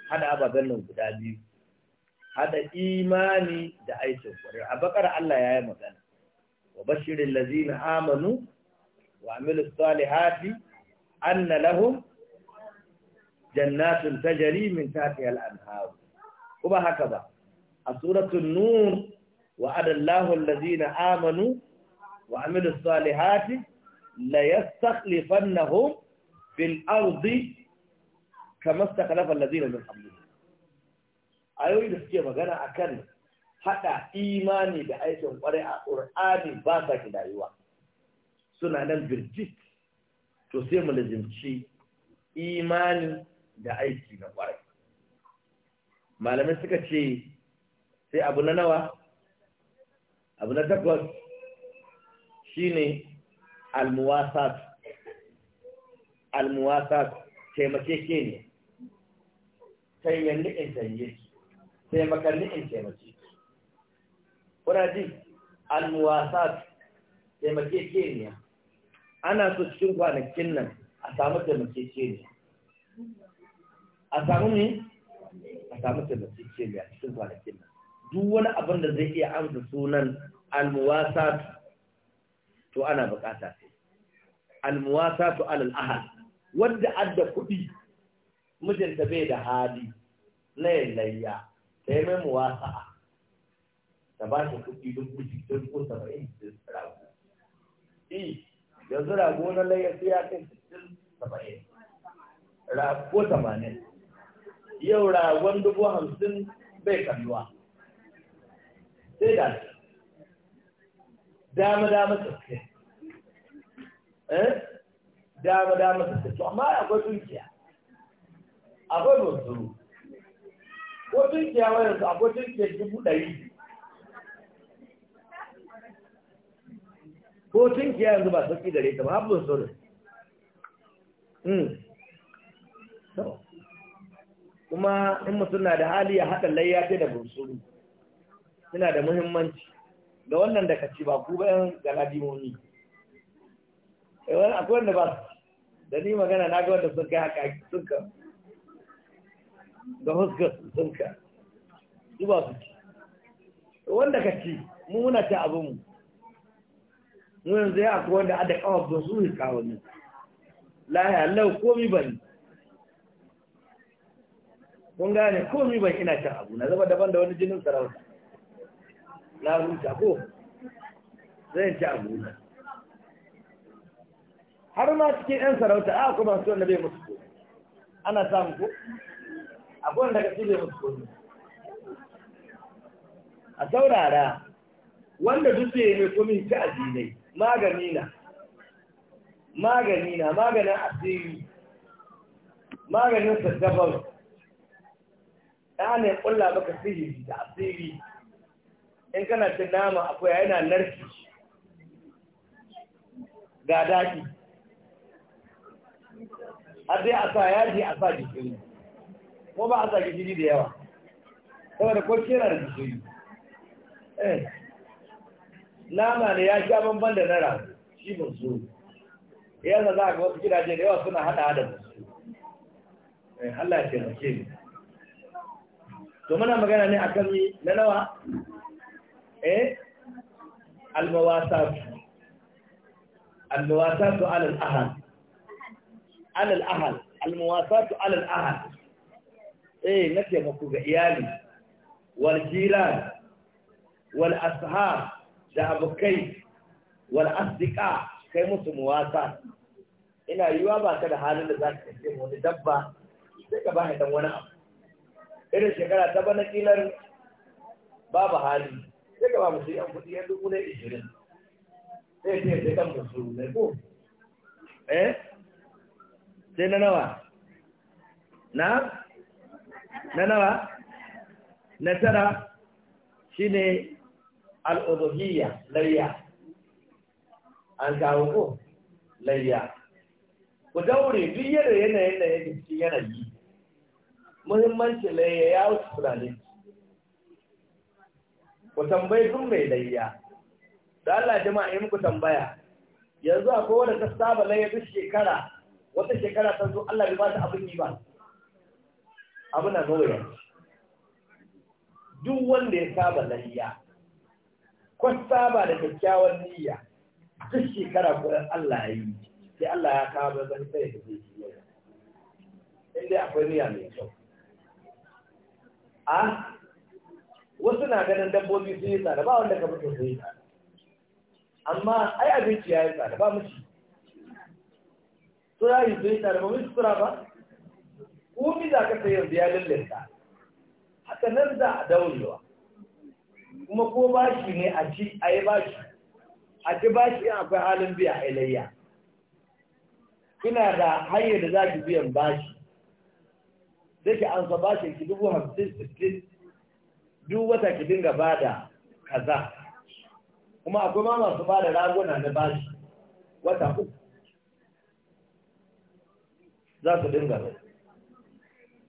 hada ababen nan guda biyu hada imani da aikin kwarai a bakara Allah ya yi magana wa bashirin lazina amanu wa amilu salihati anna lahum jannatun tajri min tahtiha al-anhar kuma haka ba a suratul nur وعد الله الذين آمنوا وعملوا الصالحات ليستخلفنهم في الأرض كما استخلف الذين من قبلهم ayoyi da suke magana akan haɗa imani da aikin kwarai a ƙur'ani ba sa kidayuwa suna nan birjit to sai mu lazimci imani da aiki na kwarai malamai suka ce sai abu na nawa abu na takwas ne almuwasat almuwasat ke ne tayyanni in tayye taimakanni in taimake kuna ji almuwasat ke ne ana so cikin kwanakin nan a samu ke ne a samu ne a samu ke ne a cikin kwanakin nan duk wani abin da zai iya amsa sunan almuwasatu to ana bukata sai almuwasatu alal ahad wanda adda kudi mijinta bai da hali na yallayya sai yi mai muwasa ta ba shi duk dubu cikin ko saba'in da rago i yanzu rago na layya sai ya kai cikin saba'in rago bane yau ragon dubu hamsin bai kalluwa sai da dama dama tsakke eh dama dama tsakke to amma akwai dukiya akwai bunsuru ko dukiya wani yanzu akwai dukiya dubu ɗari ko dukiya yanzu ba sauki gare ta ba har bunsuru hmm. kuma in mutum na da hali ya haɗa layya ce da bunsuru suna da muhimmanci da wannan da kaci ba ku bayan eh, wani. akwai wanda ba da ni magana na ga wanda sun kai haka sunka da sun sunka su ba su ci wanda kaci mu muna ta abu mu Mu yanzu ya akwai wanda ada kawar don su hika wani lahiya lau komi ba ne kun gane komi ban ina can abu na zama daban da wani jinin sarauta laruta ko zai ci abuja har ma cikin 'yan sarauta a kuma su wanda bai musu ko ana samu ko akwai wanda kasi bai musu ko a saurara wanda duk zai mai komi ci addinai magani na magani na maganin asiri maganin sassabar ɗanin ƙulla maka sihiri da asiri in kana cin nama akwai yana narki ga daki har dai a sa yaji a sa gishiri ko ba a sa gishiri da yawa saboda ko yana da gishiri eh. nama ne ya sha banban da nara shi ba su yanzu za ga wasu gidaje da yawa suna hada da su eh, Allah ya ce ni to muna magana ne akan na nawa eh almawasat almawasat ala al-ahad ala al-ahad almawasat ala al-ahad eh na taimako ga iyali wal jiran da abokai wal asdiqa kai musu muwasa ina yiwa ba ka da halin da zata ka kashe dabba sai ka ba dan wani abu irin shekara ta bana kilar babu hali sai gaba mutum yan kudi yan dubu na ishirin sai ce sai kan musu ne ko eh sai na nawa na na nawa na tara shine al'uduhiyya layya an kawo ko layya ku daure duk yadda yanayin da yake cikin yanayi muhimmanci layya ya wuce tunanin. ku tambayi sun mai layya da Allah jama'a yi muku tambaya yanzu akwai wanda ta saba layya duk shekara wata shekara ta zo Allah bai ba ta abin yi ba abin na mawuya duk wanda ya saba layya ko saba da kyakkyawan niyya duk shekara ko Allah ya yi sai Allah ya kawo da zan sai da zai yi inda akwai niyya mai kyau a ah, wasu na ganin dabbobi sun yi tsada ba wanda ka mutu sun yi tsada amma ai abinci ya yi tsada ba miki turari sun yi tsada ba miki tsura ba komi za ka sayar da ya lallinta haka nan za a daurewa kuma ko bashi ne a ci a yi bashi a ci bashi in akwai halin biya a ilayya kina da hanyar da za ki biyan bashi sai ki ansa bashi ki dubu hamsin sittin duk wata ki dinga bada kaza kuma akwai ma masu bada raguna na bashi wata uku za su dinga bai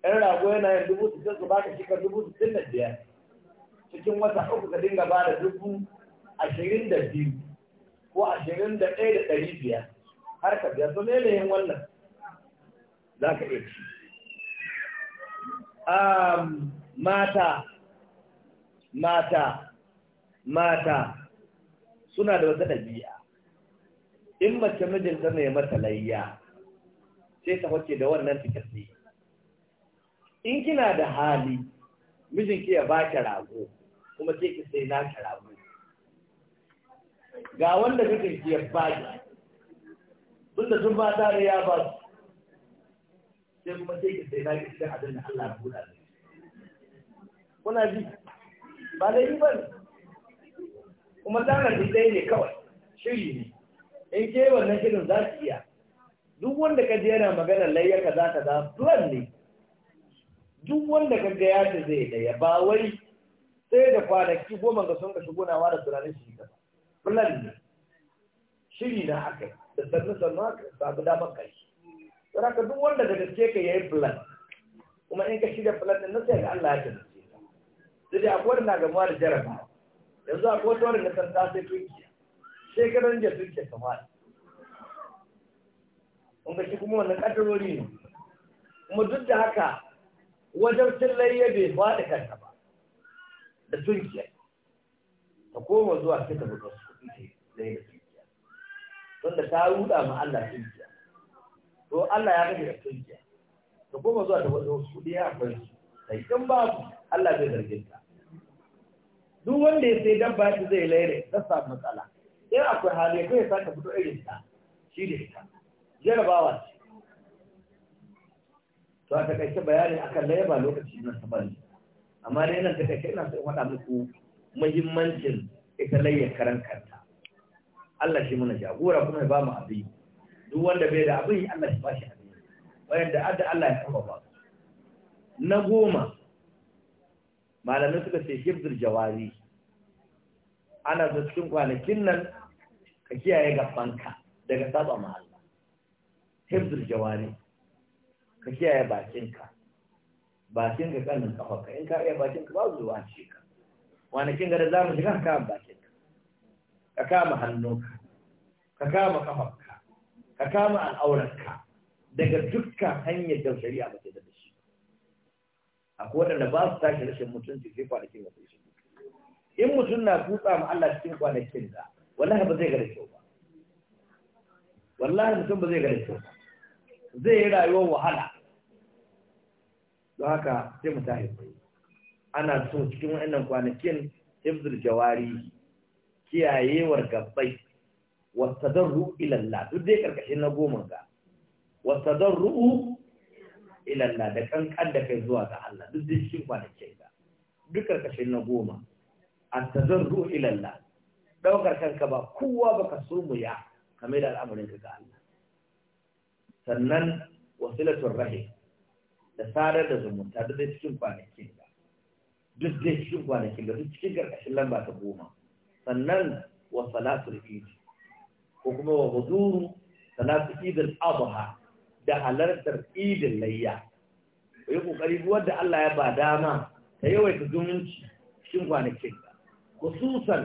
ɗan rago yana yin dubu su sai su ka shika dubu su da biyar cikin wata uku ka dinga bada dubu ashirin da biyu ko ashirin da ɗaya da ɗari biyar har ka biya su yin wannan za ka iya ci mata mata mata suna da wata ɗabi'a in mace mijinta ne mata layya sai ta wace da wannan fitarsi in kina da hali mijinki ya ba rago kuma sai ki sai na ki rago ga wanda mijinki ya ba tun da sun ba da ya ba su sai kuma sai ki sai na ki cikin abin Allah ya buɗa kuna ji ba da ba ne kuma tanadi ɗaya ne kawai shiri ne in ke wannan shirin za su iya duk wanda ka je yana magana layya kaza kaza plan ne duk wanda ka ga ya zai ɗaya ba wai sai da kwanaki goma ga sun ka shigo na da tunanin shi ba plan ne shiri na haka da sannu sannu haka samu damar kai don duk wanda da gaske ka yayi plan kuma in ka shirya plan ɗin na sai ga Allah ya tunani sai dai akwai na gamuwa da jaraba yanzu akwai wata wani nasan ta sai tunkiya shekaran jiya tunkiya ta fara kun ga shi kuma wannan kadarori ne kuma duk da haka wajen cin ya bai faɗi kanta ba da tunkiya ta koma zuwa sai ta buga su kuɗi da da tunkiya tunda ta ruɗa ma Allah tunkiya to Allah ya kashe da tunkiya ta koma zuwa ta buga su kuɗi ya akwai su da in babu Allah zai zargin ta duk wanda ya sai dabba shi zai laire ta samu matsala sai akwai hali ko ya saka fito irin ta shi da ita jarabawa ce to a takaice bayani akan laye ba lokaci na ta amma dai nan takaice ina so in faɗa muku muhimmancin ita layyar karan kanta Allah shi muna jagora kuma ya ba mu abin duk wanda bai da abin Allah shi ba shi abin da adda Allah ya kama ba na goma malamai suka ce hibzul jawari ana da cikin kwanakin nan ka kiyaye gabanka daga saba ma Allah hibzul jawari ka kiyaye bakinka bakin ka kanin kafarka in ka iya bakin ka babu zuwa ce ka kwanakin ga da za mu shiga ka kama bakin ka ka kama hannunka ka kama kafarka ka kama al'aurarka daga dukkan hanyar da shari'a ba ta da shi akwai waɗanda ba su tashi rashin mutunci sai kwanakin ga in mutum na kutsa ma Allah cikin kwanakin da wallahi ba zai gare kyau ba wallahi mutum ba zai gare kyau ba zai yi rayuwar wahala don haka sai mu tahi ana so cikin wannan kwanakin hifzul jawari kiyayewar gabbai wasadarru ila Allah duk dai karkashin na goma ga wasadarru ila Allah da kankan da kai zuwa ga Allah duk dai cikin kwanakin ga duk karkashin na goma at zan ila ilalla ɗaukar kanka ba kowa baka sumuya kamar da al'amarin ka ga Allah sannan wasilatul rahim da sadar da zumunta da dai cikin kwanakin ka duk da cikin kwanakin ka duk cikin karkashin lamba ta goma sannan wa salatul eid ko kuma wa huzuru salatul eid al-adha da halartar eid layya ko kokari wanda Allah ya ba dama ta yawaita zumunci cikin kwanakin ka khususan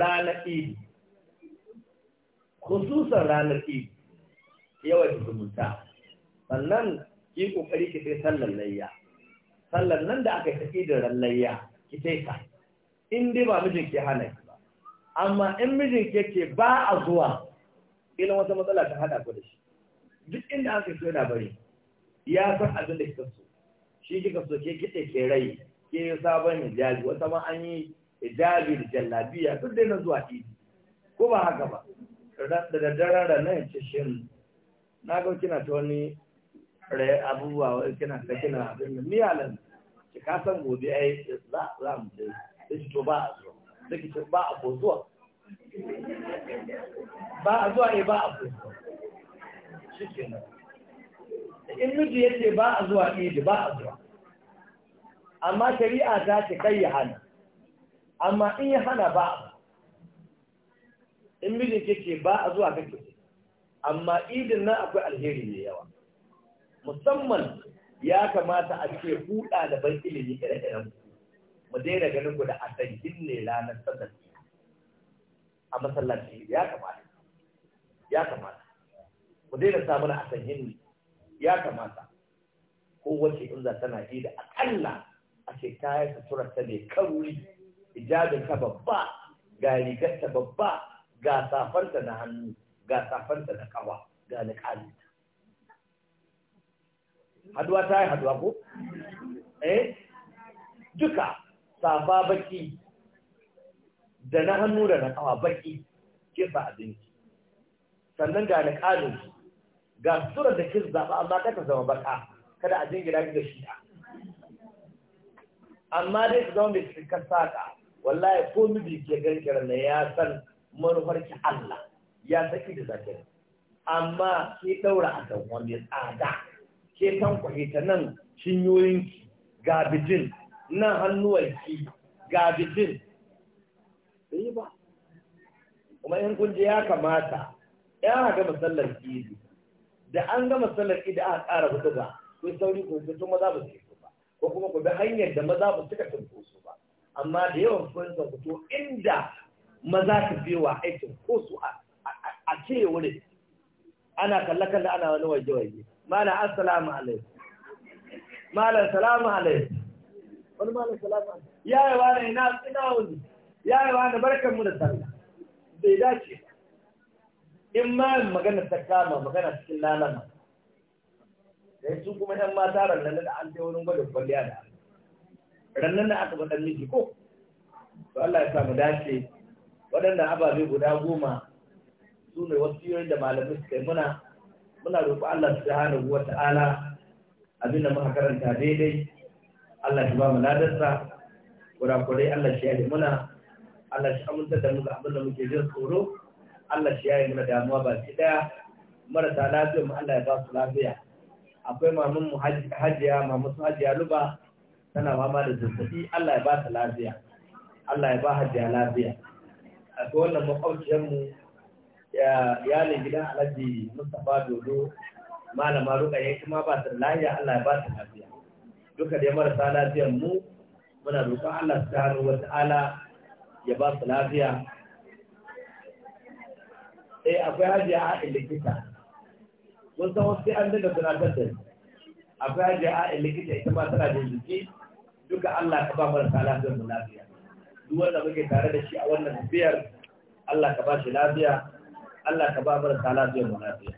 ranar idi khususan ranar idi yawan zumunta sannan ki kokari ki sai sallar layya sallar nan da aka tafi da ran layya ki sai ka in dai ba mijin ke hana ki ba amma in mijin ke ce ba a zuwa ina wata matsala ta hada ku da shi duk inda aka so yana bari ya san abin da kika so shi kika so ke kike ke rai ke sabon hijabi wata ma an yi hijabi da jallabiya duk dai na zuwa idi ko ba haka ba da daddaren da ya ce shin na ga kina ta wani abubuwa wai kina ta kina abin da ki ka san gobe ai za za mu je shi to ba a zuwa sai ki to ba a ko zuwa ba a zuwa eh ba a ko zuwa shi kenan in miji yace ba a zuwa idi ba a zuwa amma shari'a ta ce kai ya hana amma in yi hana ba in mijin ke ce ba a zuwa kake amma idin nan akwai alheri ne yawa musamman ya kamata a ce huɗa da ban ilimi ire-iren mu daina ganin ku da asankin ne ranar sallar a masallaci ya kamata ya kamata mu daina samun asankin ne ya kamata kowace inza tana ji da akalla a ce ta yi ta ne kauri ta babba ga rigarta babba ga safanta na hannu ga safanta na kawa ga niƙalinta haduwa ta yi haduwa ko? eh duka safa baki da na hannu da na kawa baki kisa abinci sannan ga niƙalinsu ga suturar da kin zaɓa amma kaka zama baka kada a jingina da shi'a amma dai su zama mai cikin saƙa wallahi ko miji ke gankira na ya san manufar ki Allah ya saki da zakir amma ki daura a kan wani tsada ke kan ta nan cinyoyin ki ga bijin na hannuwan ki ga bijin bai ba kuma in kun je ya kamata ya ga masallar idi da an ga masallar idi aka ƙara hudu ba ko sauri ko fito maza ba su ba ko kuma ku bi hanyar da maza ba suka tunko amma da yawan kwanza ka inda maza su biyo wa aikin ko su a ce wuri ana kalle-kalle ana wani waje-waje malam assalamu alaikum malam salamu alaikum wani malam salamu alaikum yi wani ina ina wani yayi wani barkan mu da sallah bai dace in ma magana ta kama magana cikin lalama sai su kuma 'yan mata ranar da an sai wurin gwada kwalliya da rannan da aka faɗa miji ko to Allah ya sa mu dace waɗannan ababe guda goma su ne wasu yoyin da malamai suka yi muna muna roƙo Allah subhanahu wa ta'ala abinda muka karanta daidai Allah shi ba mu ladarsa kurakurai Allah shi yayi muna Allah shi aminta da mu ga abinda muke jin tsoro Allah shi yi muna damuwa ba shi daya marasa lafiya mu Allah ya ba su lafiya akwai mamun mu hajiya mamun su hajiya luba tana fama da zazzabi Allah ya ba ta lafiya Allah ya ba hajiya lafiya a ga wannan makwabciyarmu iyalin gidan alhaji mustapha dodo malama ruka yanki kuma ba ta lafiya Allah ya ba ta lafiya duka dai marasa lafiyar mu muna roƙon Allah subhanahu wata'ala ya ba su lafiya eh akwai hajiya a likita mun san wasu an daga tunatar da akwai hajiya a likita ita ma tana da jiki duka Allah ka ba marasa lafiyar mu lafiya duk wanda muke tare da shi a wannan tafiyar Allah ka ba shi lafiya Allah ka ba marasa lafiyar mu lafiya